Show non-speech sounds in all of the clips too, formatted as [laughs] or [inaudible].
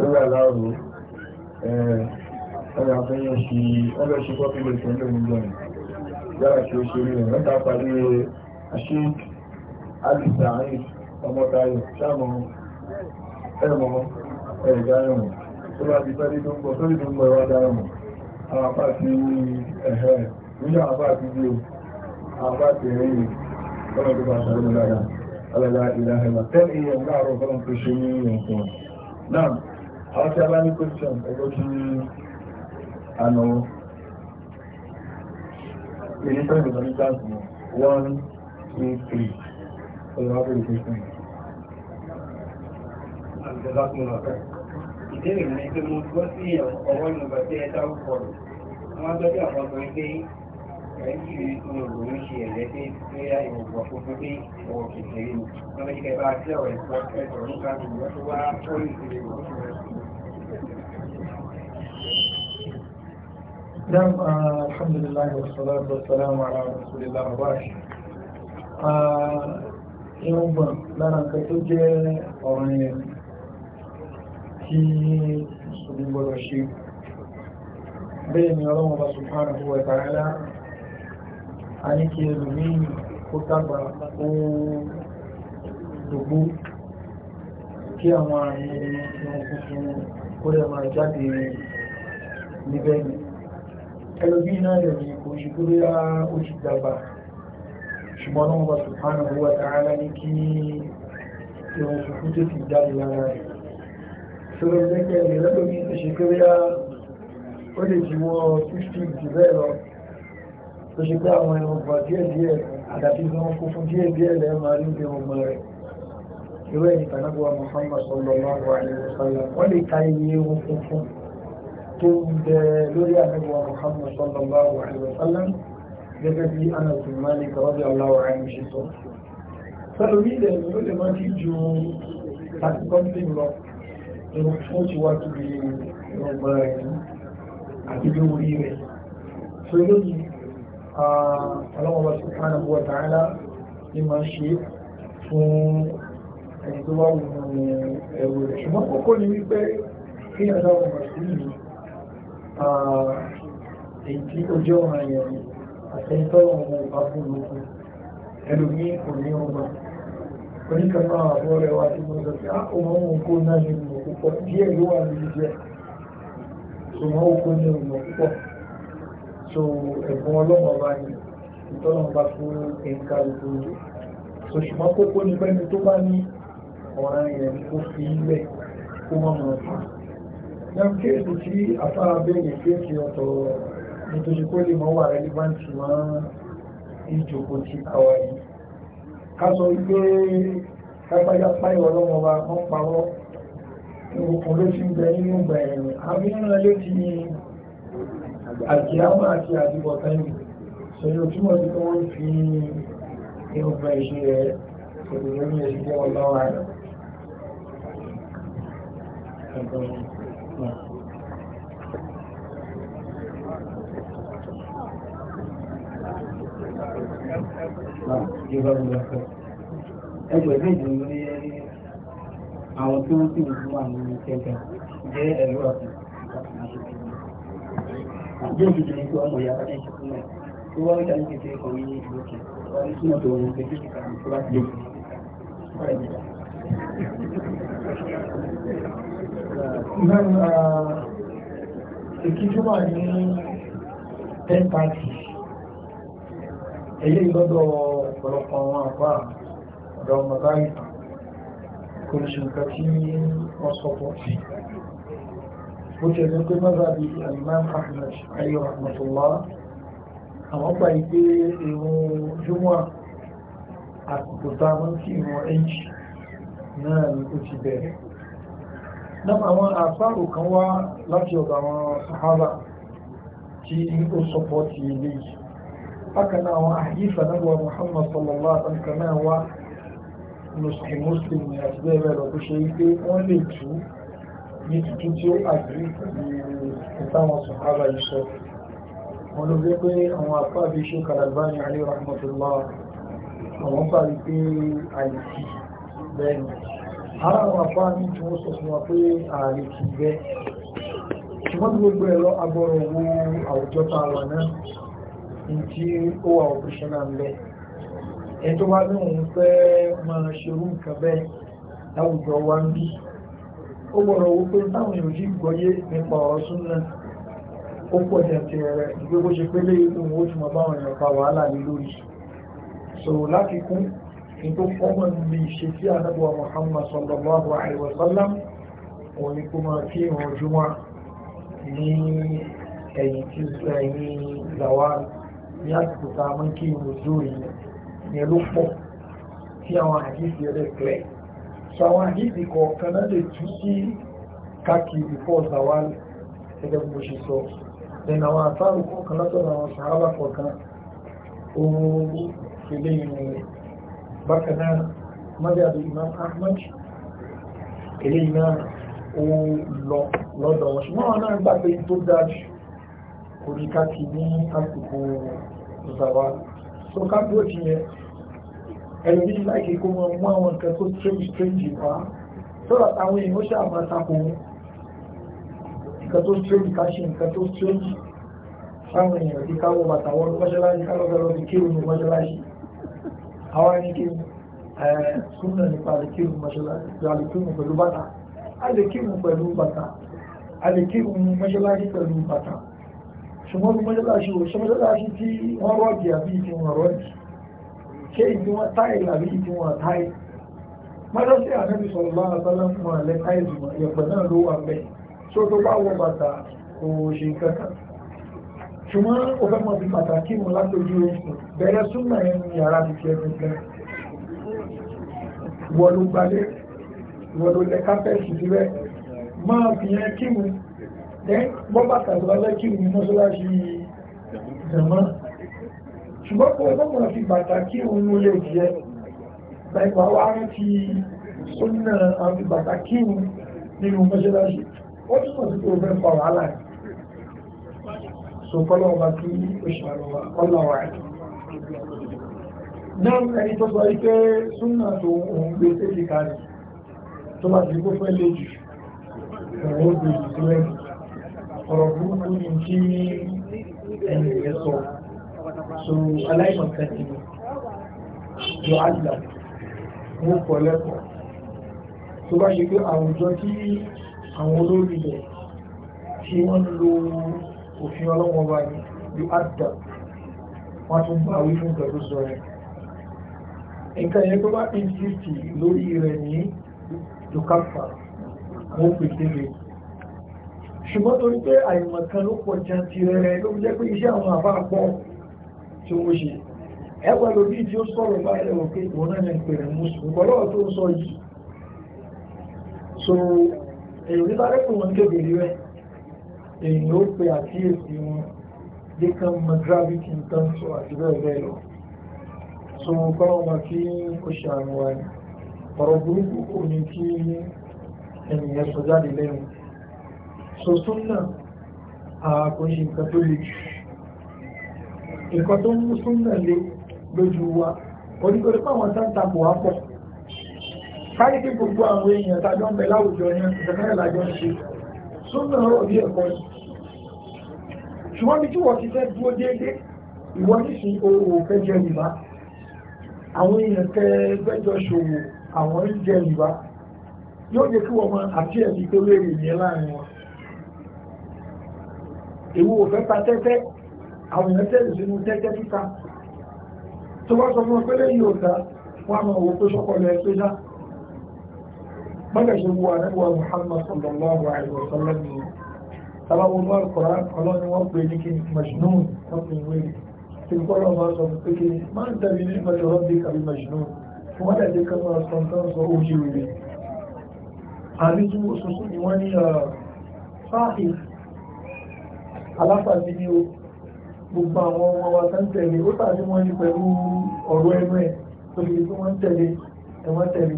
ó wà láàrú ọ̀rọ̀ àfẹ́yìn sí ọlọ́ ṣe population lónìí lọ́nà yára tí ó ṣe rí rẹ̀ mẹ́ta parí ashik alisa aif ọmọtayo sáàmù ẹ̀mọ́ ẹ̀dá ẹ̀mọ́ tó bá ti fẹ́rí tó ń bọ̀ sórí tó ń bọ̀ ẹ̀wá dá ẹ̀mọ́ àwọn apá ti ẹ̀hẹ́ nígbà apá ti bí o àwọn apá ti bá ṣàlùmọ́ dáadáa ọ̀lọ́lá ìlàhẹ̀lá tẹ́lẹ̀ èèyàn láàárọ̀ ọ̀gọ́rùn tó ṣe ní ọ̀gbọ̀n náà àwọn tí a bá ní question ẹgbẹ́ kí àná èyí gbọ́ sí ọwọ́ ìmọ̀gbà tí ẹ dáwọ́ wọ́n á gbọ́ ẹgbẹ́ ẹ̀ẹ́dì olùròyìn ṣe ẹ̀lẹ́ pé bóyá ìwọ̀gbọ̀ fúnfún pé ọ̀wọ̀ kékeré ni wọ́n lè jẹ́ bá a tẹ́ ọ̀rẹ́ tó ẹ̀tọ́ nípa ìwọ́n tó wá pọ́lì ìpele ìwọ̀n tó rẹ̀. Dam ah, alhamdulillah wa salatu wa salamu ala rasulillah wa bashi. Yóò gbà lára nǹkan tó jẹ́ ọ̀rọ̀ yẹn tí Mùsùlùmí gbọ́dọ̀ ṣe. Bẹ́ẹ̀ ni ọlọ́run ọba Subhanahu wa ta'ala a ní kí ẹlòmíì kó dàgbà ó kí àwọn àrùn ìwọ̀n funfun kó lè máa jáde níbẹ̀ ni ẹlòmíì náà lè rí kò ṣe kó lóyá ó ti dàgbà ṣùgbọ́n náà wọ́n subhanahu wa ta'ala ní kí ìwọ̀n funfun tó ti jáde lára rẹ̀ sọ̀rọ̀ lẹ́gbẹ̀ẹ́ lẹ́gbẹ̀ẹ́ ṣe kó lóyá ó lè ti 50 jù bẹ́ẹ̀ lọ tó ṣe pé àwọn ẹranko díẹ̀ díẹ̀ àdàbí wọn kún fún díẹ̀ díẹ̀ lẹ́ẹ̀ máa rí bí ọmọ rẹ̀ irú ẹni tànàbọ̀ Muhammad sallallahu alaihi wasallam wọ́n lè ka iye wọn funfun tó ń bẹ lórí àdàbọ̀ Muhammad sallallahu alaihi wasallam gẹ́gẹ́ bí Anas rẹ̀ àti ọlọ́wọ́ subhanahu wa ta'ala ní máa ṣe fún ẹni tó bá wù ú ẹ̀rù rẹ̀ ṣùgbọ́n kókó ni wípé kí ẹ̀dá wọn mọ̀ sí yìí èyí tí ó jẹ́ ọ̀ràn yẹn ni àtẹ̀yìntọ́ ọmọ ọba fún lókun ẹlòmí kò ní ọgbà oníkàtà àwọn ọ̀rẹ́ wa tí mo sọ pé ọmọ òkú náà ní ìmọ̀ púpọ̀ díẹ̀ ló wà ní ìjẹ́ ọmọ òkú ní ìmọ̀ púpọ̀ so ẹ̀bùn ọlọ́wọ́ bá ní ìtọ́lọ́wọ́ bá fún ẹ̀ka ìgbòho so ṣùgbọ́n kókó ní pẹ́ni tó bá ní ọ̀ràn yẹn kó fi ilẹ̀ kó mọ̀ mọ̀ fà náà kéèsì tí afárá bẹ́ẹ̀ kéèsì ọ̀tọ̀ nítorí kó lè mọ́ wà rẹ́líbáǹtì máa ìjòkó ti àwà yìí ká sọ wípé lápájápá ìwọ̀lọ́wọ́ bá kán parọ́ ìwòkùn ló ti ń bẹ nínú ìgbà ẹ̀rùn àbí nínú ẹlẹ́tì àti àmà àti àdìbọ̀tẹ́yìn ṣẹlẹ̀ sí pé wọ́n fi irúfẹ́ iṣẹ́ rẹ̀ ṣẹlẹ̀ lórí ẹ̀sìn ọlọ́wà rẹ̀ Ẹgbẹ̀rún ìdùnnú ní àwọn tí wọ́n sì ń fún àwọn ìṣẹ́gbẹ̀ jẹ́ ẹ̀rọ àti yau da ne ko an ya faɗa shi kuma ko wani da ake sai kawai ne shi yake wani suna da wani da kike kan kula da nan a cikin juma ne ten party eléyìí lọ́dọ̀ ọ̀pọ̀lọpọ̀ àwọn àpá ọ̀dọ̀ ọmọ báyìí kò ní ṣe nǹkan tí wọ́n sọ pọ̀ sí i bó ṣe ní pé mọ́ra bí alimam ahmed ayo rahmatullah àwọn gbà yí pé irun júmọ́ àsìkò tá a mọ́ sí irun ẹ̀jì náà ni ó ti bẹ̀rẹ̀ náà àwọn àṣàrò kan wá láti ọ̀dọ̀ àwọn sahaba tí ó sọpọ̀ ti ilé yìí bákan náà àwọn àyífà náà wà muhammad sallallahu alaihi wa sallam náà wá muslim muslim àti bẹ́ẹ̀ bẹ́ẹ̀ lọ bó ṣe yí wọ́n lè tú ní tuntun tí ó àgbé ìtàwọn sọ̀hábà yìí sọ wọn ló gbé pé àwọn àfáàbí ṣe kàràbá ní alẹ́ rahmatullah àwọn bá rí pé àìsí bẹ́ẹ̀ni ara àwọn àfáà ní tí wọ́n sọ fún wa pé ààrẹ kì í bẹ́ẹ̀ ṣùgbọ́n gbogbo ẹ̀rọ agbọ́rọ̀ owó àwùjọ tá wà náà ní tí ó wà operational lẹ́ẹ̀ ẹni tó wá ní òun fẹ́ máa ṣerú nǹkan bẹ́ẹ̀ láwùjọ wa ń bí ó gbọ́dọ̀ wo pé táwọn èèyàn yìí gbọ́yé nípa ọ̀rọ̀ súnmọ́ ó pọ̀ ní àti ẹ̀rẹ̀ ìgbé bó ṣe pélé ikú ó ti mọ̀ báwọn èèyàn pa wàhálà ní lórí so láti kún ní tó fọ́mọ̀ ní ìṣe sí anábọ̀ Muhammad sallallahu alaihi wasallam òun ni kó máa kí ìrun júmọ́ ní ẹ̀yìn tí ẹ̀yìn zawal ní àsìkò tá a mọ́ kí ìrun zó yìí ni ló pọ̀ tí àwọn àdìsí rẹ̀ pẹ̀lẹ́ so àwọn àdídì kọ̀ọ̀kan náà lè tú sí káàkiri fọ́ zawal gẹ́gẹ́ bí mo ṣe sọ ẹ̀nà àwọn àtàrù kọ̀ọ̀kan látọ̀nà àwọn sàhábà kọ̀ọ̀kan ohun ilé ìrìn rẹ̀ bákan náà mọ́jáde Imam Ahmad ilé iná ohun lọ lọ́dọ̀ wọn ṣùgbọ́n àwọn náà gbà pé tó dájú kò ní káàkiri ní àsìkò zawal so káàkiri ó ti yẹ ẹlòmí ní láìkí kó mọ mú àwọn nǹkan tó strange strange wá sọ́rọ̀ táwọn èèyàn ṣáà máa nǹkan tó strange ká ṣe nǹkan tó strange sáwọn èèyàn ti káwọ bàtà wọn mọ́ṣáláṣí káwọ́ lọ sí kírun ní mọ́ṣáláṣí àwọn ẹni kí súnà nípa lè kírun mọ́ṣáláṣí lè kírun pẹ̀lú bàtà a lè kírun pẹ̀lú bàtà a lè kírun mọ́ṣáláṣí pẹ̀lú bàtà ṣùgbọ́n mọ́ṣáláṣí ò ṣe mọ́ṣáláṣí tí wọ́n rọ́ọ̀dì àbí tí wọ́n rọ́ọ̀dì ṣé ìdí wọn táì làbí ìdí wọn táì mọ́lọ́sí ànábì sọ̀rọ̀ bá abala fún alẹ́ táì jùmọ̀ ìyẹ̀pẹ̀ náà ló wà mẹ́ tó tó bá wọ bàtà kò ṣe kankan ṣùgbọ́n ó fẹ́ mọ̀ sí pàtàkì mu látòjú oṣù bẹ̀rẹ̀ súnmọ̀ ẹnu yàrá ti fi ẹnu gbẹ wọ̀lú gbalẹ̀ wọ̀lú lẹ kápẹ́ẹ̀sì síbẹ̀ máa fi yẹn kí mu bọ́ bàtà lọ́lẹ́ kí mu mọ́ṣáláṣí jẹ̀mọ́ ṣùgbọ́n kó ẹgbẹ́ mọ̀ fi bàtà kí òun ló lè jẹ́ láìpá wá rí ti sónà àti bàtà kí òun nínú mọ́ṣáláṣí ó tún mọ̀ sí pé òun fẹ́ fa wàhálà ẹ̀ so kọ́lọ́ ọba tí ó ṣàlọ́wà ọlọ́wà ẹ̀ ẹni tó sọ wípé sónà tó òun gbé séjì kalẹ̀ tó bá ti kó fẹ́ lè jù òun ó gbé jù sílẹ̀ ọ̀rọ̀ burúkú ni kí ẹni rẹ̀ sọ̀rọ̀ so aláìmọ̀kan ni yọ àgbà wọ́n kọ́ lẹ́kọ̀ọ́ tó bá ṣe pé àwùjọ tí àwọn olórí rẹ̀ tí wọ́n lo òfin ọlọ́wọ́ bá ní yọ àgbà wọ́n tún bá wí fún pẹ̀lú sọ rẹ̀ nǹkan yẹn tó bá insist lórí rẹ̀ ní yọkáfà wọ́n pèsè rẹ̀ ṣùgbọ́n torí pé àìmọ̀kan ló pọ̀ jẹ́ rẹ̀ ló jẹ́ pé iṣẹ́ àwọn àbá pọ̀ tí wọ́n ṣe ẹgbẹ́ lóbi tí ó sọ̀rọ̀ báyìí lẹ́wọ̀n pé ìwọ náà ní pèrè mùsùlùmí bọ́lọ́ tó ń sọ yìí so èyí nípa lẹ́kùn wọn kébèrè rẹ̀ èyí ó pe àkíyèsí wọn dé kan mọ gravity nǹkan sọ àti bẹ́ẹ̀ bẹ́ẹ̀ lọ so kọ́lọ́ wọn kí ó ṣàánú wa ni ọ̀rọ̀ burúkú kò ní kí ènìyàn sọ jáde lẹ́nu so súnà àkóyè nǹkan tó le jù nǹkan tó ń mú súnmọ̀ lé lójú wa onígbòrí pàwọn sáńtàkù wá pọ̀ káyí kí gbogbo àwọn èèyàn tàbí ọmọ láwùjọ ní ìṣẹ̀mẹ́rẹ̀ lájọ́ ń ṣe súnmọ̀ orí ẹ̀kọ́ ni ṣùgbọ́n bí tí wọ́n ti fẹ́ dúró déédéé ìwọ nísìn owó fẹ́ jẹ ìbá àwọn èèyàn tẹ gbẹ́jọ ṣòwò àwọn ń jẹ ìbá yóò jẹ́ kí wọ́n mọ àti ẹ̀mí tó lérè yẹn láàrin wọn èwo ò fẹ́ ta tẹ́tẹ́ àwọn èèyàn tẹ́lẹ̀ sínú tẹ́tẹ́ títa tó wá sọ fún ọ pẹ́lẹ́ yìí ò dá wọn a máa wò pé sọ́kọ̀ lẹ́ pé dá mọ́gà ṣe wo àdẹ́wà Muhammad sallallahu alaihi wa sallam ni sábàbù mọ́ àkọ́rá ọlọ́ni wọ́n pè ní kí majnun wọ́n pè wé tí n kọ́lọ́ máa sọ pé kí máa ń tẹ̀lé ní ìmọ̀jọ́ wọn bí kàbí majnun fún wọn dàdé kan máa sọ nǹkan sọ òjì rèé àbí tí mo sọ sí ni wọ́n ní ah, sáàhì aláfàbí ni o gbogbo àwọn ọmọ wa tán tẹ̀lé ó tàbí wọ́n ní pẹ̀lú ọ̀rọ̀ ẹnu ẹ̀ tó lè tó wọ́n tẹ̀lé ẹ̀wọ́n tẹ̀lé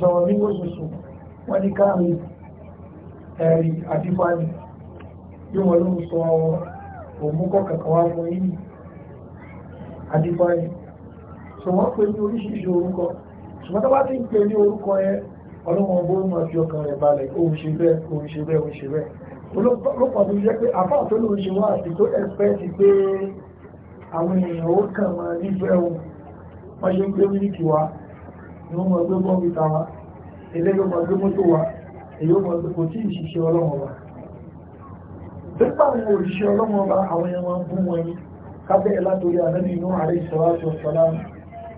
sọ̀rọ̀ ní gbòsùsùn wọ́n ní káàmì ẹ̀rí àdífáàní bí wọ́n ló ń sọ àwọn òmùkọ́ kankan wá fún yìí àdífáàní sọ wọ́n pè ní oríṣiríṣi orúkọ ṣùgbọ́n tó bá ti ń pè ní orúkọ yẹn ọlọ́wọ́n bó ń mọ̀ fi ọkàn rẹ̀ balẹ̀ òun ṣe bẹ́ẹ̀ òun ṣe bẹ́ẹ̀ òun ṣe bẹ́ẹ̀ olóòpọ̀ tó jẹ́ pé àfáà tó lóun ṣe wá àti tó ẹ̀spẹ́ẹ̀tì pé àwọn èèyàn ó kàn wọn nífẹ̀ẹ́ wọn wọ́n ṣe ń gbé mílíkì wa ni wọ́n mọ̀ gbé bọ́m̀bìtà wa eléyìí mọ̀ gbé mọ́tò wa èyí mọ̀ gbé kò tí ì ṣiṣẹ́ ọlọ́wọ́n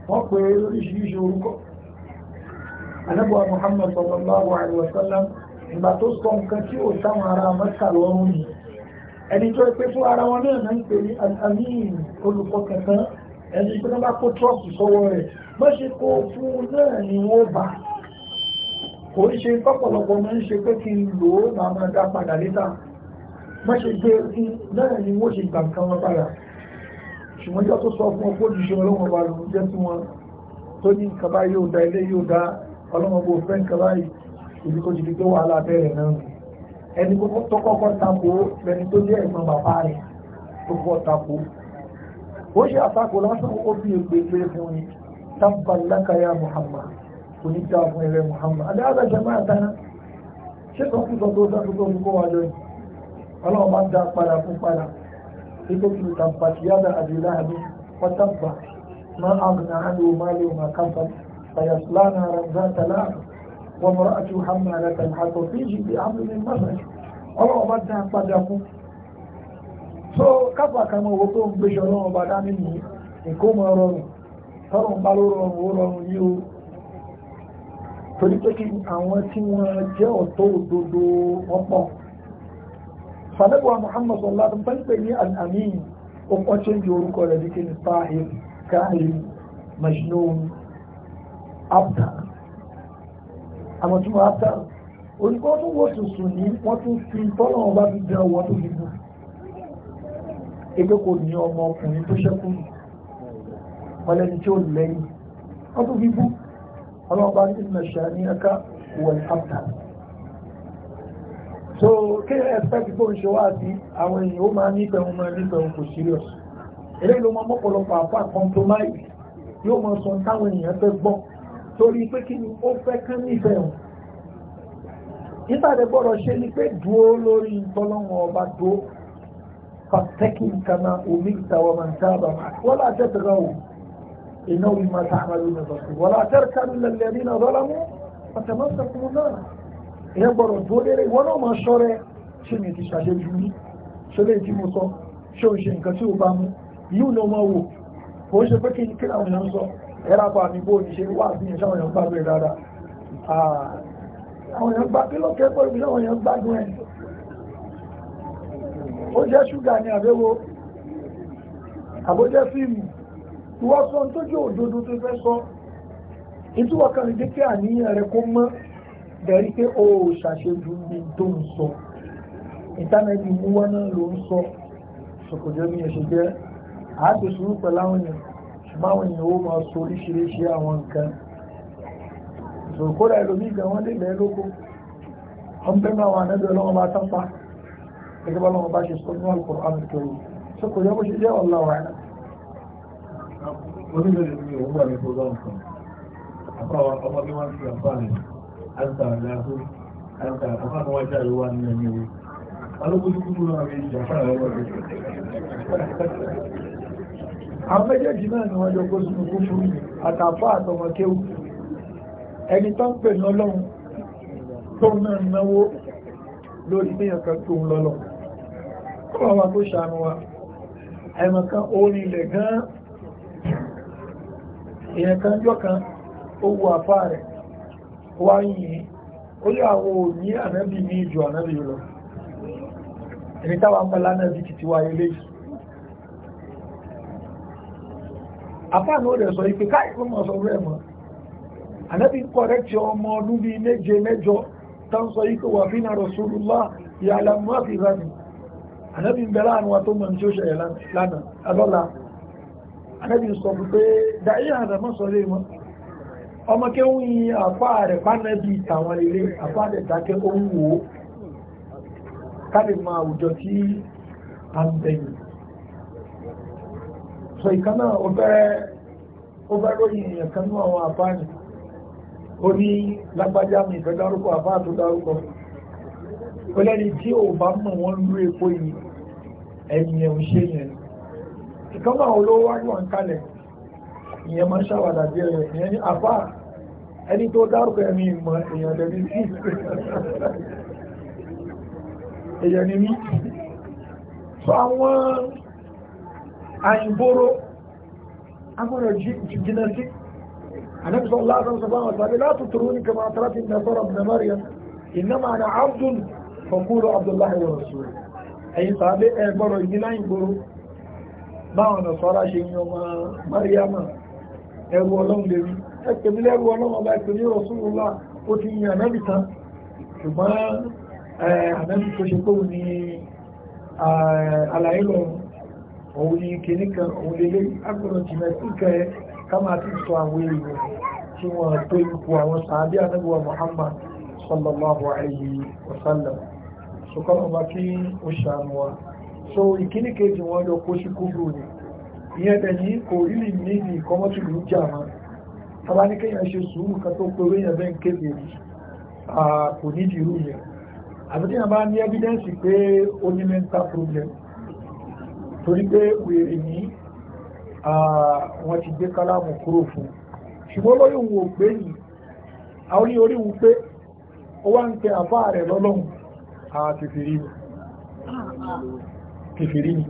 wa pípa Muhammad sallallahu alaihi wasallam ìgbà tó sọ nǹkan tí ó táwọn ará mẹ́ta lọ́rùn ni ẹni tó pé fún ara wọn náà ń pè ní alamíìn olùkọ́ kankan ẹni tó náà bá kó trọ́ọ̀kì sọ́wọ́ rẹ̀ bó ṣe kó fún náà ni wọ́n bá kò ń ṣe pọ́pọ̀lọpọ̀ máa ń ṣe pé kí n lò ó máa máa dá padà níta bó ṣe gbé kí náà ni wọ́n ṣe gbà nǹkan wọn padà ṣùgbọ́n jọ́ tó sọ fún ọkọ̀ òjìṣẹ́ ọlọ́wọ́n wa lòún jẹ́ sí wọn tó ní nǹkan bá yóò da ilé yóò da ọlọ́wọ́n bó fẹ́ nǹkan báyìí ibi tó ti fi tó wà lábẹ́rẹ̀ náà ẹni tó kọ́kọ́ tako ẹni tó jẹ́ ẹ̀gbọ́n bàbá rẹ̀ tó kọ́ tako ó ṣe àtakò lásán ó bí ègbè pé fún ni tábà lákàyà Muhammad oníjà fún ẹrẹ Muhammad adé alájà máa dáná ṣé kan fún sọ tó sáré tó ń kó wa lọ yìí ọlọ́run máa ń dá padà fún padà nígbà tí tàbà tí yáda àdìlá àbí pátábà máa àgùnà àdìwò máa lè máa kábà fàyàsílánà rẹ̀ ń dá tàlá àbí وامرأته حمالة الحطب بأمر من مسج ọlọ́wọ́ bá dá padà fún so kápá kàmọ́ owó tó ń gbéṣọ́ ọlọ́wọ́ bá dá nínú nǹkó mọ́ rọrùn tọ́rùn bá ló rọrùn ó rọrùn ní o torí pé kí àwọn tí wọ́n jẹ́ ọ̀tọ́ òdodo wọ́n pọ̀ sàdẹ́gbọ́ Muhammad sallallahu alaihi wasallam pẹ́ ní al-amin ó pọ́n tí ń di orúkọ rẹ̀ bí kí ni fáhìm káhìm majnun abdul àwọn tí wọ́n á tà oníkọ́ tún wọ́n tún sùn ní wọ́n tún fi tọ́lọ̀ wọn bá fi dán owó tó fi gùn ẹgbẹ́ kò ní ọmọ ọkùnrin tó ṣẹ́kù wọn lẹ́ni tí ó lẹ́yìn wọ́n tún fi bú ọlọ́run bá ní ìmọ̀ṣẹ́ ní ẹ̀ka wọ̀n áfà so kí ẹ̀fẹ́kì tó ń ṣe wá sí àwọn èèyàn ó máa nífẹ̀ẹ́ wọn máa nífẹ̀ẹ́ wọn kò serious eléyìí ló máa mọ́pọ̀lọpọ̀ àpá compromise yóò máa sọ táwọn èèyàn fẹ́ gbọ́n torí pé kí ni ó fẹ́ kán nífẹ̀ẹ́ o nígbàdé gbọ́dọ̀ ṣe ni pé dúó lórí ìtọ́lọ́wọ́n ọba tó fàtẹ́kì kama omi ìtawọ́ máa ń sábà wọ́n láti tẹ̀ra o iná omi máa ta àmàlú ní ọ̀sán wọ́n láti tẹ̀ra kánú lẹ́lẹ́ nínú ọ̀dọ́lá mú pàtàmọ́sà fún un náà ìyẹn gbọ́dọ̀ dúó lérè wọ́n náà máa ṣọ́rẹ́ ṣé mi ti ṣàṣejù ní ṣé lè ti mo sọ ṣé o ṣe nǹkan tí o bá mú yíò náà máa wò kò ṣe pé kí ni kí ẹ̀rápá mi bó ní ṣe wà bí ìṣẹ́ àwọn èèyàn gbá lórí rárá àwọn èèyàn gbá kí lọ́kẹ́ pẹ̀lú bí àwọn èèyàn gbádùn ẹ̀ ó jẹ́ ṣúgà ní àbẹ́wò àbójẹ́ fíìmù ìwọ́ sọ tó jẹ́ òdodo tó fẹ́ sọ ìtúwọ̀ kan dé kí àníyàn rẹ kó mọ́ bẹ̀rí pé ó ṣàṣejù ní tó ń sọ ìtánẹ́bí mú wọn náà ló ń sọ ṣòkòjọ́ mi ẹ̀ ṣe jẹ́ àádùsùn pẹ̀láwọn èèyàn báwọn èèyàn ó máa so oríṣiríṣi àwọn nǹkan ìṣòkóra ìlòmí ìgbà wọn lè lẹ́ lóko wọn bẹ́ẹ̀ máa wà nẹ́bẹ̀ẹ́ lọ́wọ́ bá tápá gẹ́gẹ́ bá lọ́wọ́ bá ṣe sọ nínú àlùkò àmìkẹ́rù tó kò yẹ bó ṣe jẹ́ ọ̀la wà náà. oníbẹ̀rẹ̀ mi ò wà ní program kan àbáwa ọmọ bí wọ́n àwọn méjèèjì náà ni wọ́n jọ kó sínú kú fún àtàfà àtọmọ kéwù ẹni tó ń pè ní ọlọ́run tó náà náwó lórí péyàn kan tó ń lọ́lọ́ kọ́ wa kó ṣàánú wa ẹ̀mọ̀ kan orin ilẹ̀ gan èèyàn kan jọ kan ó wo àfá rẹ̀ wá yìí ó yà wo ní ànábì ní ìjọ ànábì lọ ẹni táwa mọ́lá náà bí wáyé léyìí àfáàní ó rẹ̀ sọ ìpè káì ló mọ̀ sọ rẹ̀ mọ́ ànábì ń kọ̀rẹ́tì ọmọ ọdún bíi méje mẹ́jọ tó ń sọ ìpè wà fínà Rasulullah ìyàlá mọ́fì rani ànábì ń bẹ láàrin wa tó mọ̀ ní tí ó ṣẹlẹ̀ lánàá adọ́la ànábì ń sọ pé dàí àdàmọ́ sọ lé mọ́ ọmọ kí ń yin àpá rẹ̀ pánẹ́bì tàwọn ilé àpá rẹ̀ dákẹ́ ó ń wò ó ká lè àwùjọ tí a ń bẹ̀yìn sọ ìkan náà ó bẹ́rẹ̀ ó bẹ́rẹ̀ lóyìn èèyàn kan náà àwọn àbá ni ó ní lágbájá mi ìfẹ́ dárúkọ àbá tó dárúkọ ó lẹ́ni tí ò bá mọ̀ wọ́n lú epo yìí ẹ̀yìn ò ṣe yẹn ìkan náà olówó wájú wọn kalẹ̀ ìyẹn máa ń ṣàwàdà díẹ̀ rẹ̀ ìyẹn ní àbá ẹni tó dárúkọ ẹ̀mí ìmọ̀ èèyàn lẹ́ni sí [laughs] èèyàn ni mí and borrow I'm going to jina sí النبي صلى الله عليه وسلم قال لا تطروني كما اطرت النصارى ابن مريم انما انا عبد فقولوا عبد الله ورسوله اي صحابي اي برو جنا يبرو ما نصارى شيء يوم مريم اي ولون لي اكتب لي ولون الله يكتب رسول الله وتي يا نبي تا ثم النبي كشكوني على علم òun ikinika kìíní kan òun lélẹ́ agbọ̀nà jìnà sí kẹrẹ ká máa ti sọ àwọn èèyàn tí wọ́n tó ipò àwọn sàábí anábíwá Muhammad sallallahu alayhi wa sallam so kọ́ ọba kí ó ṣàánú wa so ìkíní kejì wọn lọ kó sí kúrò ní ìyẹn tẹ̀yìn kò rí ní tàbá ní ṣe sùúrù kan tó pé orí ẹ̀bẹ́ ń kéde kò ní ìdí yẹn àbí bá ní evidence pé ó torí pé wèrè ní wọ́n ti gbé kálámù kúrò fún ṣùgbọ́n lórí òun ò gbé a àwọn orí òun pé ó wá ń tẹ àfá rẹ̀ lọ́lọ́run àtìfìrí ni kìfìrí ni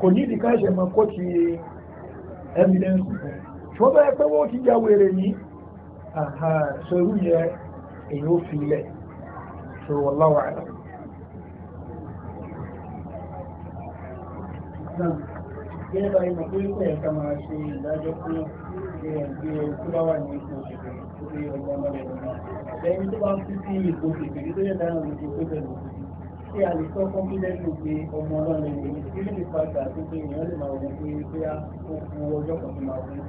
kò ní ìdíká ẹ̀ṣẹ̀ mọ́ kó ti evidence fún ṣùgbọ́n bẹ́ẹ̀ pé wọ́n ti já wèrè ní so irú yẹ èyí ó fi ilẹ̀ so wallahu a'lam Ṣé a lè sọ fún kílẹ̀kùn pé ọmọ ọlọ́run lè ní kí lè fi pàtàkì àti pé èèyàn lè máa wọ́n pé pé á kó fún ọjọ́ kan tó máa fún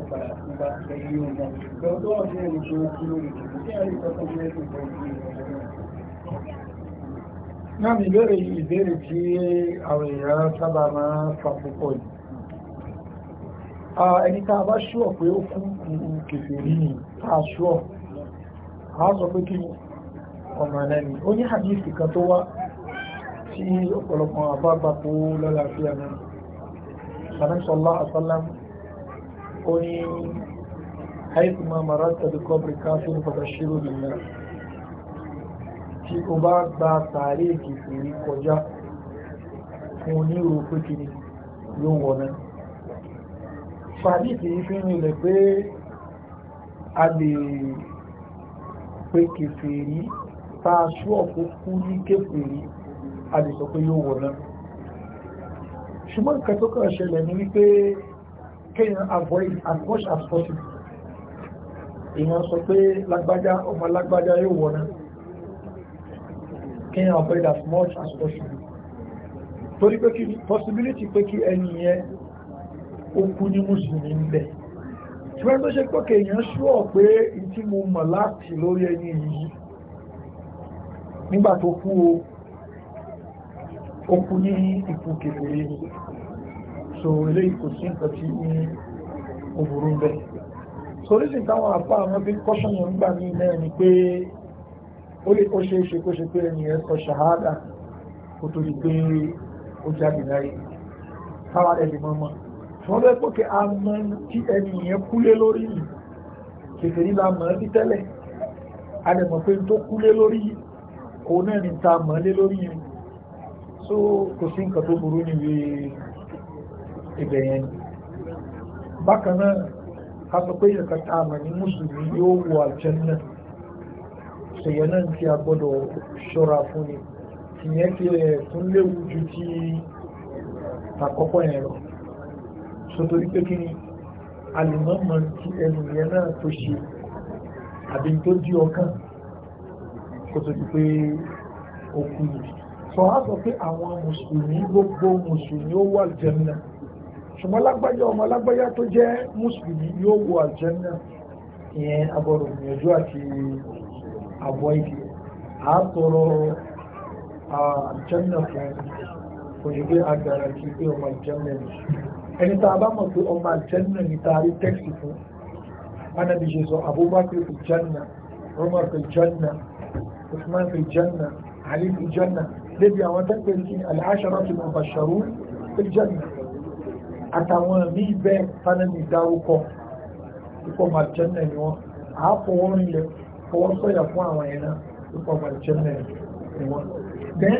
ó padà tó bá ṣe yí ọmọ. Ìjọba tó wà sí ẹni tó kú lórí ìdìbò, ṣé a lè sọ fún kílẹ̀kùn pé ọmọ ọlọ́run lè náà mi lórí ìbéèrè tí àwọn èèyàn sábà máa fa púpọ̀ yìí ẹni tá a bá ṣúọ̀ pé ó kú kèfè rí ni tá a ṣúọ̀ a sọ pé kí ọmọ ẹlẹ́ni ó ní àdíìsì kan tó wá tí ọ̀pọ̀lọpọ̀ àbágbà kó lọ́láfíà náà sàrẹ́sọ́lá àsálám ó ní àìsùn máa mara tàbí kọ́bìrì nìyà tí o bá gba sàárè kìfìrí kọjá fún onírò pé kiri yóò wọ̀nà fàdíkì yìí fi ń rìnlẹ̀ pé a lè pé kèfèrí tá a ṣú ọ̀pọ̀ kú ní kèfèrí a lè sọ pé yóò wọ̀nà ṣùgbọ́n nǹkan tó kàn ṣẹlẹ̀ ní wípé kéèyàn avoid as much as possible èèyàn sọ pé lágbájá ọmọ lágbájá yóò wọ̀nà can avoid as much as possible torí the kí possibility pé kí ẹni yẹn ó kú ní mùsùlùmí ń bẹ̀ tí wọ́n tó ṣe pé kéèyàn ṣúọ̀ pé tí mo mọ̀ láti lórí ẹni yìí nígbà tó kú ó kú ní ipò kékeré so eléyìí kò sí nǹkan tí ní òbúrú ń so orísìí táwọn àpá àwọn bí kọ́ṣọ́nù ń gbà ní ilẹ̀ ni pé ó lè kọ́ ṣe é ṣe kó ṣe pé ẹni ẹ̀ kọ́ ṣàhádà kó tó di pé ó jáde láyé káwá rẹ̀ lè mọ́mọ́ wọ́n lọ pé kí a mọ tí ẹni yẹn kúlé lórí yìí kèfè ní la mọ̀ ní tẹ́lẹ̀ a lè mọ̀ pé n tó kúlé lórí yìí òun náà ni ta mọ̀ lé lórí yìí so kò sí nǹkan tó burú níbi ibẹ̀ yẹn ni bákan náà ká sọ pé ìyẹn kan tá ní mùsùlùmí yóò wọ àlùjànnà náà so yẹn náà tí a gbọ́dọ̀ ṣọ́ra fún ni tìyẹn ti ẹ̀ tún léwu ju ti àkọ́kọ́ yẹn lọ sotori pé kí ni alimọ́mọ́ ti ẹnu yẹn náà tó ṣe àbí tó di ọkàn kó tó di pé ó kú yìí sọ á sọ pé àwọn mùsùlùmí gbogbo mùsùlùmí ó wọ àlùjẹ́nà ṣùgbọ́n lágbájá ọmọ lágbájá tó jẹ́ mùsùlùmí yóò wọ àlùjẹ́nà ìyẹn agbọ́dọ̀ gbìyànjú àti avoid it a tọrọ àjẹ́nà fún òṣèré agbára kí pé ọmọ àjẹ́nà ni ẹni tá a bá mọ̀ pé ọmọ àjẹ́nà ni tá a rí tẹ́kì fún ánàbí ṣe sọ Abubakar fi janna Umar fi janna Usman fi janna Ali fi janna débi àwọn tẹ́kì sí al-ashara fi mubashsharun fi janna àtàwọn míì bẹ́ẹ̀ tánàbí dárúkọ ikọ̀ fọwọ́ sọ̀yà fún àwọn yẹn náà tó pọ̀ pẹ̀lú jẹ́nẹ̀ ni wọ́n. then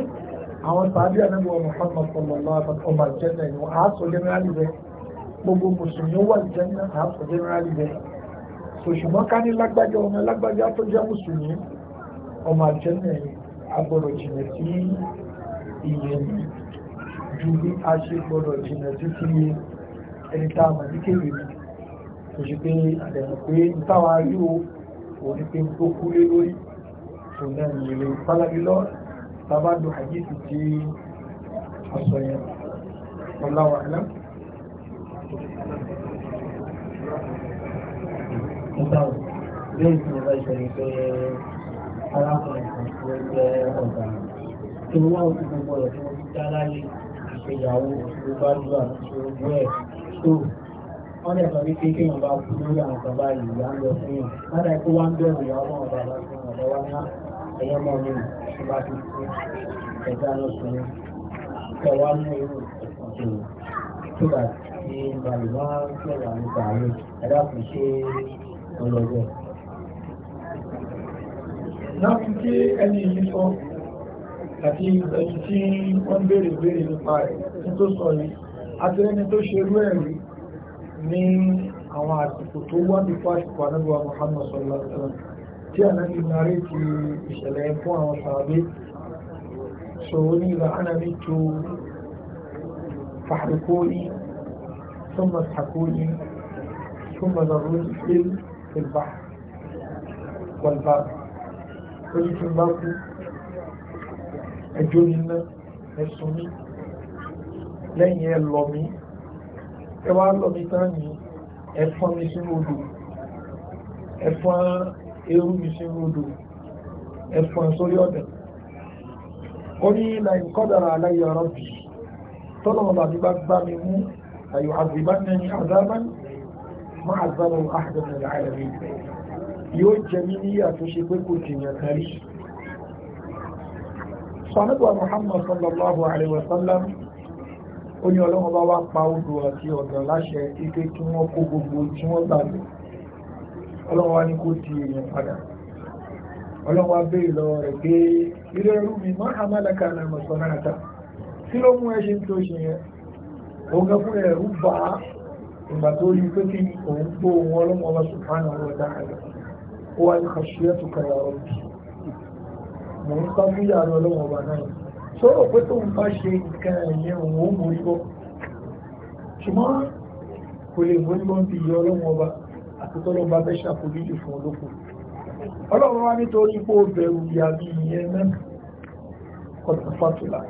àwọn sàbí ànábì wa Muhammad sallallahu alaihi wa sallam ọba jẹ́nẹ̀ ni wọ́n á sọ generally bẹ́ẹ̀ gbogbo mùsùlùmí ó wà jẹ́nẹ̀ á sọ generally bẹ́ẹ̀. so ká ní lágbájá ọmọ lágbájá tó jẹ́ mùsùlùmí ọmọ àjẹ́nẹ̀ agbọ́dọ̀ jìnà sí ìyẹn ju bí a ṣe gbọ́dọ̀ jìnà sí sí ẹni tá a mọ̀ kò ṣe pé àdẹ̀mọ̀ pé táwa rí o òní pé tó kú lé lórí tó náà ní ilé pálábí lọ tàbá lo àjíṣì tí a sọ yẹn ọláwà náà ìdáhùn lẹ́yìn tí mo bá ṣẹlẹ̀ pé arákùnrin kan tó jẹ́ ọ̀gá tí wọ́n wá gbogbo ọ̀rọ̀ tí wọ́n ti dá tó bá ẹ̀ tó wọ́n dẹ̀ sọ wípé kí wọ́n bá kú lórí àwọn bàbá yìí ìyá ń lọ fún yàn lára ikú wá ń bẹ̀rù ìyá ọmọ ọ̀dà bá fún ọ̀dà wá ná ẹ̀yọ́ mọ́ mi tó bá ti kú ẹ̀dá lọ fún mi kẹ̀ wá mú irú ọ̀sìn tó bá ti bá lè wá sọ̀rọ̀ àwọn sàárè ẹ̀dá kò ṣe ọlọ́gbẹ́. láti kí ẹni yìí sọ àti ẹni tí wọ́n béèrè béèrè nípa rẹ̀ tó sọ yìí àti ẹni tó ṣerú ẹ̀rí ní àwọn àsìkò tó wá ní fásitì anábíwá Muhammad sallallahu alaihi wasallam tí anábí narí ti ìṣẹ̀lẹ̀ fún àwọn sàábé so ní ìlà anábí tó fàhàrìkóní ثم اسحقوني ثم ذروني في البحر والبر قلت البر ẹjọ́ nínú ẹ̀sùn mi lẹ́yìn ẹlọ́mí ẹ wá lọ mi tán ní ẹ̀fọn mi sínú odò ẹ̀fọn eérú mi sínú odò ẹ̀fọn sórí ọ̀dẹ̀ ó ní láì kọ́dàrà aláyé ọ̀rọ̀ bì tọ́lọ́mọ bàbí bá gbá mi mú àyò àgbìbá nẹni àdábá má àgbàbọ̀ àhàdàn ẹ̀rọ àìrẹ̀mí yóò jẹ mí ní àtúnṣe pé kò tìyàn kárí sọ̀nàbà Muhammad sallallahu alaihi wasallam ó ní ọlọ́run bá wá pa odò àti ọ̀dọ̀ láṣẹ ike kí wọ́n kó gbogbo tí wọ́n gbàgbé ọlọ́run wá ní kó di èèyàn padà ọlọ́run wá bèèrè lọ rẹ̀ pé ilé ẹrú mi má amálẹ́ka náà mọ̀ sọ́nà àtà kí ló mú ẹṣin tó ṣe yẹn òun gan fún ẹrú bá ìgbà tó rí pé kí òun gbó òun ọlọ́run ọba sùpánà ọwọ́ dáadáa ó wá ní kàṣíyẹ́tù kàyà ọ̀rọ̀ mò ń sá fún yàrá ọlọ́run náà tó rò pé tóun bá ṣe nǹkan ẹ̀yẹ òun ó mórí bọ́ ṣùgbọ́n kò lè mórí bọ́ ti yọ ọlọ́run ọba àti tọ́lọ́run bá fẹ́ ṣàforíjì fún olóko ọlọ́run wá nítorí pé ó bẹ̀rù ìyá mi ìyẹn náà kọ́tà fàtúlà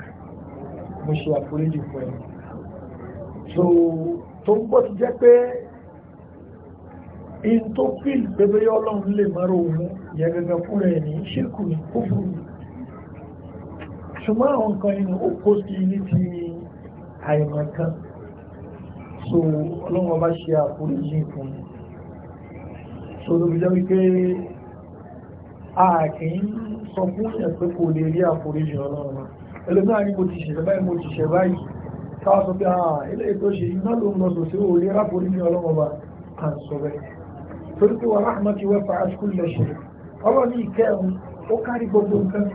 mo ṣe àforíjì fún ẹ so tó ń bọ́ ti jẹ́ pé in tó fíìl bẹ́bẹ́ yọ́ ọlọ́run lè mọ́rọ̀ òun yẹ gẹ́gẹ́ fún ẹ̀ ní ṣírkù ní kófù ṣùgbọ́n àwọn nǹkan inú òpó sí ní ti àìmọ̀ kan so ọlọ́wọ́n bá ṣe àforíjì fún un so lóbi jẹ́ wípé ààkì ń sọ fún ìyẹn pé kò lè rí àforíjì ọlọ́run ẹlòmíràn ní mo ti ṣẹ̀ báyìí mo ti ṣẹ̀ báyìí káwà sọ pé àà ilé ètò ṣe iná ló ń lọ́sọ̀ sọ bẹ́ẹ̀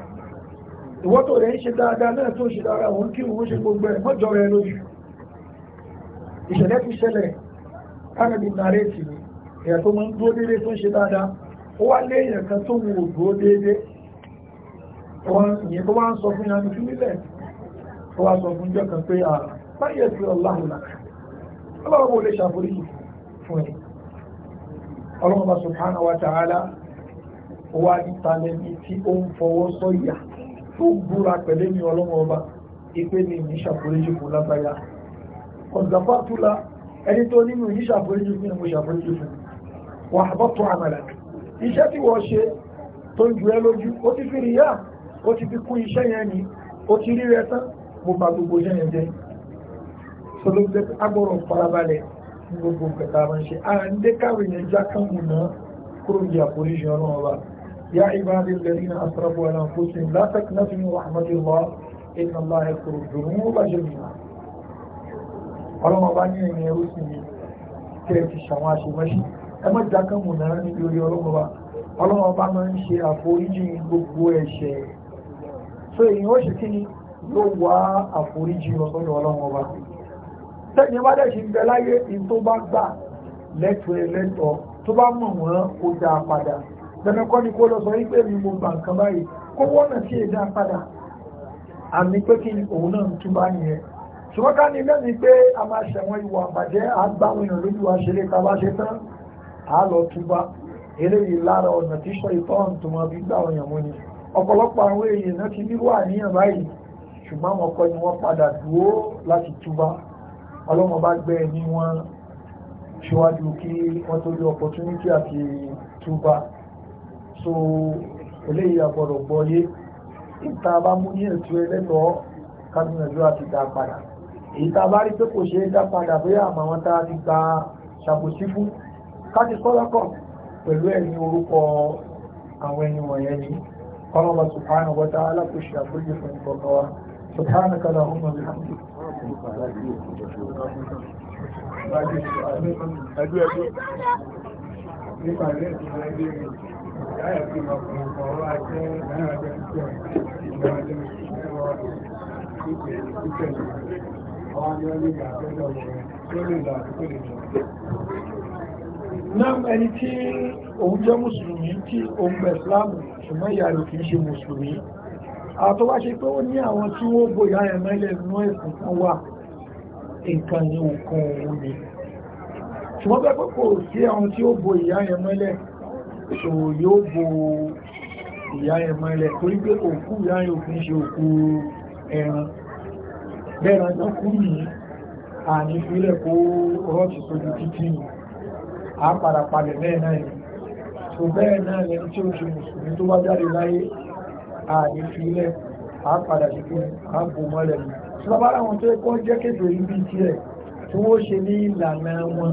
ìwọ́tò rẹ̀ ń na dáadáa náà tó ṣe dára òun kí òun ṣe gbogbo ẹ̀ mọ́jọ rẹ̀ lójú ìṣẹ̀lẹ̀ ti ṣẹlẹ̀ kánàbí nàrẹ́tì ni ẹ̀yà tó mọ́ ń dúró déédé tó ń ṣe dáadáa ó wá lé èèyàn kan tó wù ú dúró déédé ìyẹn tó wá ń sọ fún yanu fún nílẹ̀ tó wá sọ fún jọ kan pé à báyẹ̀ sí ọláhùn làkà ọlọ́run wo lè ṣàforíjì fún ẹ ọlọ́run bá subhanahu wa ta'ala ó wá ìtàlẹ́ni tí ó ń fọwọ́ sọ́yà tó búra pẹ̀lú mi ọlọ́mọ ọba ipe ni ìyí ṣàforíjì fún lágbáyà ọ̀gbàfàtúlá ẹni tó nínú ìyí ṣàforíjì fún ìmú wà àbọ̀tún àmàlà iṣẹ́ tí wọ́n ṣe tó ń ju ẹ lójú ó ti fi rí yá ó ti fi kún iṣẹ́ yẹn ni ó ti rí rẹ tán mo bá gbogbo iṣẹ́ yẹn jẹ́ sọlọ́gbẹ́ agbọ́rọ̀ farabalẹ̀ ní gbogbo kẹta máa ń ṣe à ń dé káwé yẹn já kán mú náà kúrò ní àforíjì ọlọ́run ọba يا عبادي الذين أسرفوا على أنفسهم لا تكنسوا من رحمة الله إن الله يغفر الذنوب جميعا ọlọ́wọ́ bá ní ẹ̀yìn ẹrú sí ni kẹ́ ti ṣàwọn àṣemọ́ṣí ẹ má dákẹ́ mù náà níbi orí ọlọ́wọ́ bá ọlọ́wọ́ bá máa ń ṣe àforíjì gbogbo ẹ̀ṣẹ̀ so èyí ó ṣe kí ni yóò wá àforíjì ọ̀sọ́dọ̀ ọlọ́wọ́ bá tẹ́ni bá dẹ̀ ṣe ń bẹ láyé in tó bá gbà lẹ́tọ̀ọ́ ẹlẹ́tọ̀ọ́ tó bá mọ̀ wọ́n ó dáa padà dandan kọ́ ni kó lọ sọ wípé mi mo gbà nǹkan báyìí kó wọ́nà sí èdè padà àmì pé kí òun náà ń túbá nìyẹn ṣùgbọ́n ká ní lẹ́mìí pé a máa ṣẹ̀wọ̀n ìwà àbàjẹ́ àgbáwọn èèyàn lójú wa ṣeré ta bá ṣe tán a lọ túbá eléyìí lára ọ̀nà tí sọ ìtọ́hùn tó máa fi gbà ọ̀yàn mú ni ọ̀pọ̀lọpọ̀ àwọn èèyàn náà ti níwà níyàn báyìí ṣùgbọ́n àwọn ọkọ ni wọ́n padà dúró láti túbá ọlọ́mọ bá gbẹ ní wọn ṣíwájú kí wọ́n tó lé opportunity àti túbá so eléyìí àgbọ̀dọ̀ gbọ́yé ìta bá mú ní ètò ẹlẹ́tọ̀ọ́ kánúyànjú àti dá padà èyí tá a bá rí pé kò ṣe é dá padà bí àmọ́ wọn tá a ti gba ṣàbòsí fún káti sọ́lọ́kọ̀ pẹ̀lú ẹ̀yìn orúkọ àwọn ẹni wọ̀nyẹn ni kọ́lọ́mọ subhanahu wa ta'ala kò ṣe àforíjì fún ìkọ̀kọ̀ wa subhanaka allahumma bihamdika Ẹgbẹ́ Náà ẹni tí òun jẹ́ Mùsùlùmí tí òun bẹ̀ Ìsìláàmù ṣùgbọ́n ìyá rẹ̀ kìí ṣe Mùsùlùmí. Àtọ́ wá ṣe pé ó ní àwọn tí wọ́n bò ìyá rẹ̀ mẹ́lẹ̀ nú ẹ̀sìn kan wà nǹkan ní òkun òun ni. Ṣùgbọ́n pẹ́ pẹ́ kò sí àwọn tí ó bò ìyá rẹ̀ mẹ́lẹ̀ so yóò bo ìyá ẹ̀ mọ́lẹ̀ torí pé òkú ìyá ẹ̀ òkú ṣe òkú ẹran bẹ́ẹ̀rẹ̀ ọjọ́ kú ní àní ìpínlẹ̀ kó rọ́ọ̀tì sójú títí a padà palẹ̀ bẹ́ẹ̀ náà ni so bẹ́ẹ̀ náà lẹni tí ó ṣe mùsùlùmí tó bá jáde láyé àní a padà sí pé a bò mọ́lẹ̀ ni sọ́bá láwọn tó kọ́ jẹ́ kéde ibi tiẹ̀ tí wọ́n ṣe ní ìlànà wọn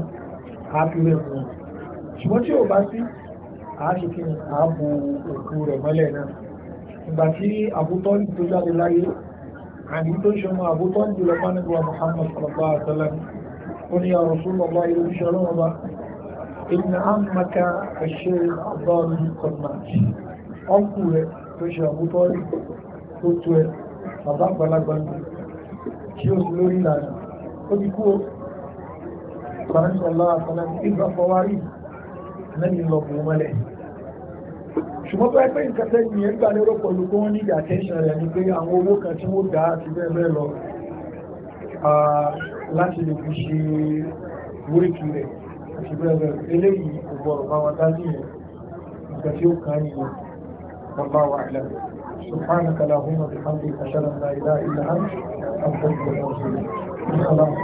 a fi rẹ̀ wọn ṣùgbọ́n tí ò bá àáṣìkí ààbò òkú rẹ̀ mọ́lẹ̀ náà ìgbà tí àbútọ́lì tó jáde láyé àní tó ṣe mọ́ àbútọ́lì jùlọ mánàgbà Muhammad sallallahu alaihi wasallam ó ní ya Rasulullah ilé iṣẹ́ ọlọ́wọ́ bá inna ammaka ash-shaykh Abdallah qannat ọkù rẹ̀ tó ṣe àbútọ́lì tó tó ẹ bàbá àgbàlagbà tí ó sì lórí ìlànà ó ti kú ó Sallallahu alaihi wasallam lẹ́yìn lọ bù mọ́lẹ̀ ṣùgbọ́n tó ẹgbẹ́ nǹkan tẹ́yìn yẹn gbà lérò pẹ̀lú kó wọ́n nígbà attention rẹ̀ ni pé àwọn owó kan tí wọ́n dá àti bẹ́ẹ̀ bẹ́ẹ̀ lọ láti lè fi ṣe wíìkì rẹ̀ àti bẹ́ẹ̀ bẹ́ẹ̀ eléyìí kò والله أعلم سبحانك لا إله إلا أنت أستغفرك وأتوب